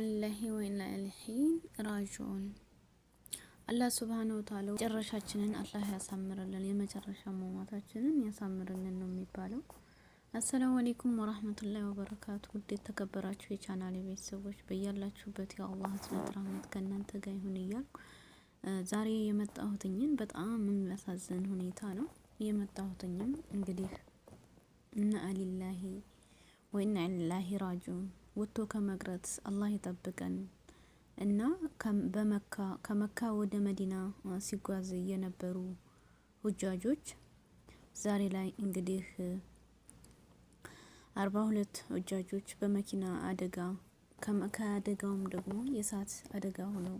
ኢናሊላሂ ወኢና ኢለይሂ ራጂዑን። አላህ ሱብሃነ ወተዓላ መጨረሻችንን አላህ ያሳምርልን፣ የመጨረሻ መሟታችንን ያሳምርልን ነው የሚባለው። አሰላሙ አለይኩም ወራህመቱላሂ ወበረካቱ። ውድ የተከበራችሁ የቻናሌ ቤተሰቦች በያላችሁበት የአላህ ህዝነት ረህመት ከእናንተ ጋር ይሁን እያልኩ ዛሬ የመጣሁትኝን በጣም የሚያሳዝን ሁኔታ ነው የመጣሁትኝም እንግዲህ እና ኢናሊላሂ ወኢና ኢለይሂ ራጂዑን ወጥቶ ከመቅረት አላህ ይጠብቀን እና በመካ ከመካ ወደ መዲና ሲጓዝ የነበሩ ሁጃጆች ዛሬ ላይ እንግዲህ አርባ ሁለት ሁጃጆች በመኪና አደጋ ከአደጋውም ደግሞ የእሳት አደጋ ሆነው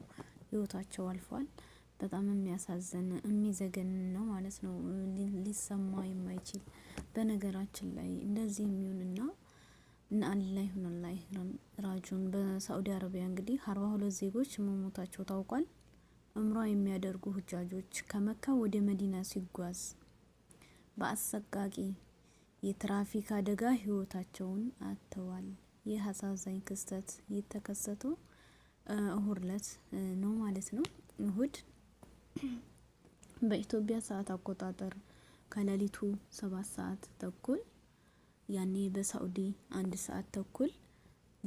ህይወታቸው አልፏል። በጣም የሚያሳዝን የሚዘገን ነው ማለት ነው። ሊሰማ የማይችል በነገራችን ላይ እንደዚህ የሚሆንና እና አላይ ሁንላ ራጁን በሳኡዲ አረቢያ እንግዲህ አርባ ሁለት ዜጎች መሞታቸው ታውቋል። እምሯ የሚያደርጉ ሁጃጆች ከመካ ወደ መዲና ሲጓዝ በአሰቃቂ የትራፊክ አደጋ ህይወታቸውን አጥተዋል። ይህ አሳዛኝ ክስተት የተከሰተው እሁድ ዕለት ነው ማለት ነው። እሁድ በኢትዮጵያ ሰዓት አቆጣጠር ከሌሊቱ ሰባት ሰዓት ተኩል ያኔ በሳኡዲ አንድ ሰዓት ተኩል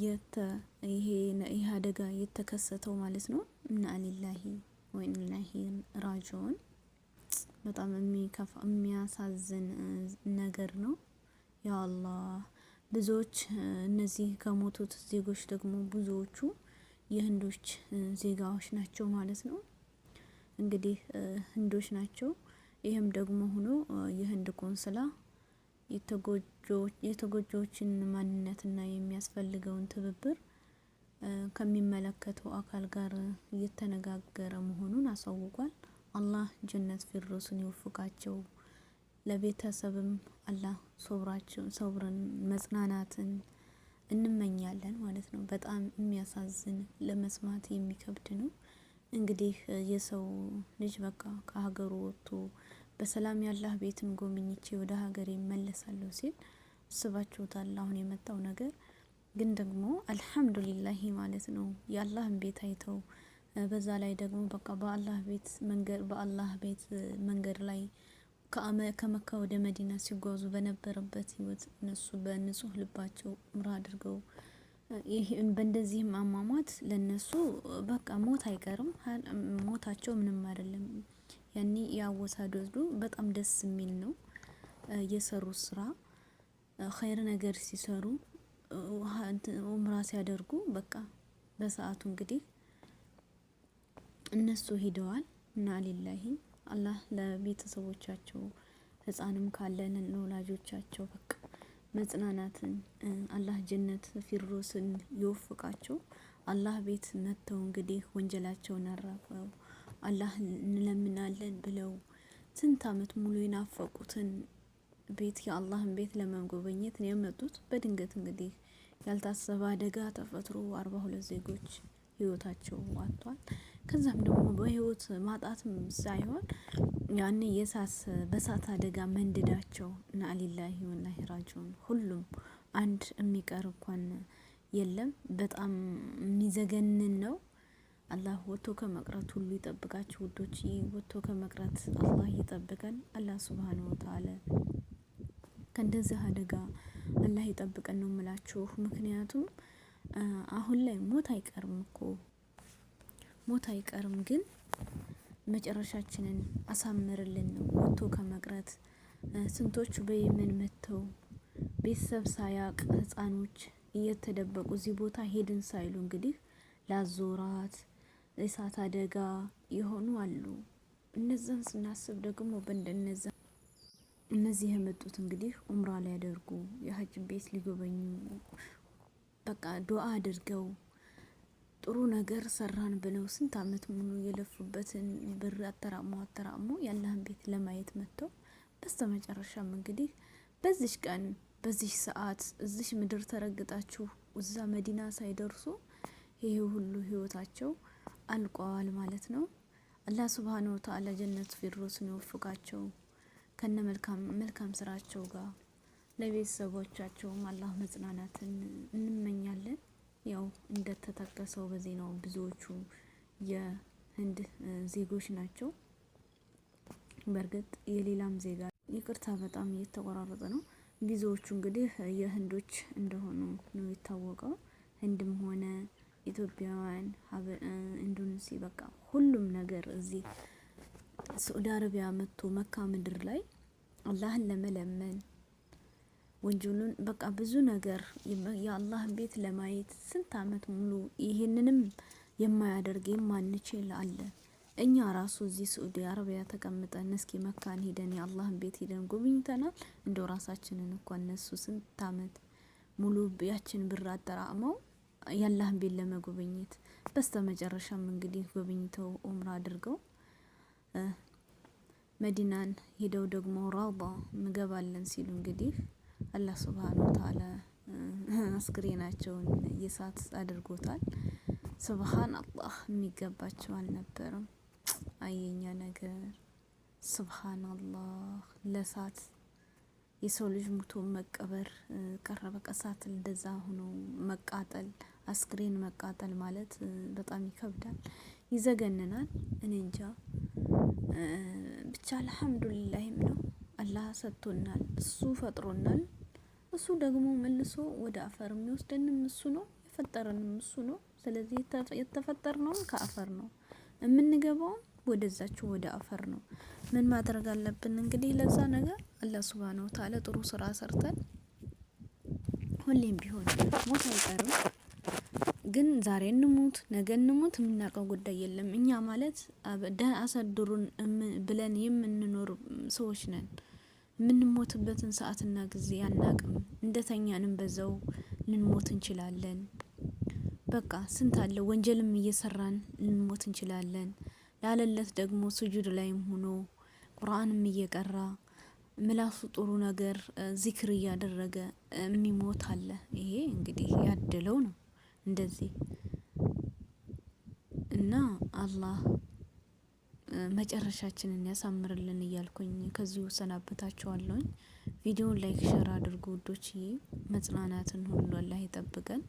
ይሄ አደጋ የተከሰተው ማለት ነው። እና ሊላሂ ወኢናሂ ራጅዑን በጣም የሚከፋ የሚያሳዝን ነገር ነው። ያ አላህ ብዙዎች እነዚህ ከሞቱት ዜጎች ደግሞ ብዙዎቹ የህንዶች ዜጋዎች ናቸው ማለት ነው። እንግዲህ ህንዶች ናቸው። ይህም ደግሞ ሆኖ የህንድ ቆንስላ የተጎጂዎችን ማንነትና የሚያስፈልገውን ትብብር ከሚመለከተው አካል ጋር እየተነጋገረ መሆኑን አሳውቋል። አላህ ጀነት ፊርዶስን ይወፍቃቸው። ለቤተሰብም አላህ ሶብራቸው ሶብርን መጽናናትን እንመኛለን ማለት ነው። በጣም የሚያሳዝን ለመስማት የሚከብድ ነው። እንግዲህ የሰው ልጅ በቃ ከሀገሩ ወጥቶ በሰላም ያላህ ቤትም ጎብኝቼ ወደ ሀገሬ መለሳለሁ ሲል አስባችሁታል። አሁን የመጣው ነገር ግን ደግሞ አልሐምዱሊላሂ ማለት ነው። የአላህን ቤት አይተው በዛ ላይ ደግሞ በቃ በአላህ ቤት መንገድ በአላህ ቤት መንገድ ላይ ከመካ ወደ መዲና ሲጓዙ በነበረበት ህይወት እነሱ በንጹህ ልባቸው ምራ አድርገው በእንደዚህም አሟሟት ለነሱ በቃ ሞት አይቀርም። ሞታቸው ምንም አይደለም። ያኔ የአወሳደዱ በጣም ደስ የሚል ነው። የሰሩ ስራ ኸይር ነገር ሲሰሩ ኡምራ ሲያደርጉ በቃ በሰዓቱ እንግዲህ እነሱ ሂደዋል እና ሊላሂ አላህ ለቤተሰቦቻቸው ህፃንም ካለ ለወላጆቻቸው በቃ መጽናናትን አላህ ጀነት ፊርዶስን ይወፍቃቸው። አላህ ቤት መጥተው እንግዲህ ወንጀላቸውን አራፈው አላህን እንለምናለን ብለው ስንት አመት ሙሉ የናፈቁትን ቤት የአላህን ቤት ለመጎብኘት ነው የመጡት። በድንገት እንግዲህ ያልታሰበ አደጋ ተፈጥሮ አርባ ሁለት ዜጎች ህይወታቸው ዋጥቷል። ከዛም ደግሞ በህይወት ማጣትም ሳይሆን ያን የሳት በሳት አደጋ መንድዳቸው እና ሊላሂ ወኢና ራጂዑን ሁሉም አንድ የሚቀር እንኳን የለም። በጣም የሚዘገንን ነው። አላህ ወጥቶ ከመቅረት ሁሉ ይጠብቃችሁ ውዶች። ወጥቶ ከመቅረት አላህ ይጠብቀን። አላህ ሱብሃነሁ ወተዓላ ከእንደዚህ አደጋ አላህ ይጠብቀን ነው የምላችሁ። ምክንያቱም አሁን ላይ ሞት አይቀርም እኮ ሞት አይቀርም፣ ግን መጨረሻችንን አሳምርልን ነው ወጥቶ ከመቅረት። ስንቶቹ በየመን መጥተው ቤተሰብ ሳያቅ ህጻኖች እየተደበቁ እዚህ ቦታ ሄድን ሳይሉ እንግዲህ ላዞራት እሳት አደጋ የሆኑ አሉ። እነዛን ስናስብ ደግሞ በእንደነዛ እነዚህ የመጡት እንግዲህ ኡምራ ሊያደርጉ የሀጅ ቤት ሊጎበኙ በቃ ዱአ አድርገው ጥሩ ነገር ሰራን ብለው ስንት አመት ሙሉ የለፉበትን ብር አተራሞ አተራሞ የአላህን ቤት ለማየት መጥተው በስተ መጨረሻም እንግዲህ በዚሽ ቀን በዚሽ ሰዓት እዚሽ ምድር ተረግጣችሁ እዛ መዲና ሳይደርሱ ይሄ ሁሉ ህይወታቸው አልቀዋል ማለት ነው። አላህ ሱብሃነሁ ወተዓላ ጀነት ነው ወፍቃቸው ከነ መልካም ስራቸው ጋር ለቤተሰቦቻቸውም አላህ መጽናናትን እንመኛለን። ያው እንደተጠቀሰው በዚህ ነው ብዙዎቹ የህንድ ዜጎች ናቸው። በእርግጥ የሌላም ዜጋ ይቅርታ፣ በጣም እየተቆራረጠ ነው። ብዙዎቹ እንግዲህ የህንዶች እንደሆኑ ነው የታወቀው። ህንድም ሆነ ኢትዮጵያውያን፣ ኢንዶኔሲ በቃ ሁሉም ነገር እዚህ ሳዑዲ አረቢያ መጥቶ መካ ምድር ላይ አላህን ለመለመን ወንጀሉን በቃ ብዙ ነገር የአላህን ቤት ለማየት ስንት አመት ሙሉ ይሄንንም የማያደርግ የማንችል አለ። እኛ ራሱ እዚህ ሳዑዲ አረቢያ ተቀምጠን እስኪ መካን ሄደን የአላህን ቤት ሄደን ጎብኝተናል። እንደው ራሳችንን እንኳን እነሱ ስንት አመት ሙሉ ያችን ብር አጠራቅመው የአላህን ቤት ለመጎብኘት በስተ መጨረሻም እንግዲህ ጎብኝተው ኡምራ አድርገው መዲናን ሄደው ደግሞ ራውዳ እንገባለን ሲሉ እንግዲህ አላህ ሱብሃነሁ ወተዓላ አስክሬናቸውን የሳት አድርጎታል። ስብሃን አላህ የሚገባቸው አልነበረም። አየኛ ነገር ስብሃን አላህ ለሳት የሰው ልጅ ሙቶ መቀበር ቀረ። በቃ እንደዛ ሆኖ መቃጠል አስክሬን መቃጠል ማለት በጣም ይከብዳል፣ ይዘገንናል። እኔ እንጃ ብቻ አልሐምዱሊላህም ነው አላህ ሰጥቶናል፣ እሱ ፈጥሮናል። እሱ ደግሞ መልሶ ወደ አፈር የሚወስደንም እሱ ነው፣ የፈጠረንም እሱ ነው። ስለዚህ የተፈጠርነውም ከአፈር ነው፣ የምንገባውም ወደዛችሁ ወደ አፈር ነው። ምን ማድረግ አለብን እንግዲህ ለዛ ነገር አላህ ሱብሃነሁ ወተዓላ ጥሩ ስራ ሰርተን ሁሌም ቢሆን ሞት አይቀርም። ግን ዛሬ እንሙት ነገ እንሙት የምናውቀው ጉዳይ የለም። እኛ ማለት አሳድሩን ብለን የምንኖር ሰዎች ነን። የምንሞትበትን ሰዓትና ጊዜ አናቅም። እንደተኛንም በዛው ልንሞት እንችላለን። በቃ ስንት አለ ወንጀልም እየሰራን ልንሞት እንችላለን። ላለለት ደግሞ ስጁድ ላይም ሆኖ ቁርአንም እየቀራ ምላሱ ጥሩ ነገር ዚክር እያደረገ የሚሞት አለ። ይሄ እንግዲህ ያደለው ነው። እንደዚህ እና አላህ መጨረሻችንን ያሳምርልን እያልኩኝ ከዚሁ ሰናበታችኋለሁኝ። ቪዲዮን ላይክ፣ ሸር አድርጉ ውዶችዬ። መጽናናትን ሁሉ አላህ ይጠብቀን፣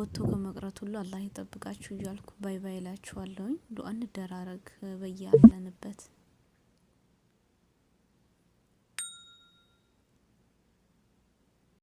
ወጥቶ ከመቅረት ሁሉ አላህ ይጠብቃችሁ እያልኩ ባይ ባይ ላችኋለሁኝ። ዱአ እንደራረግ በያለንበት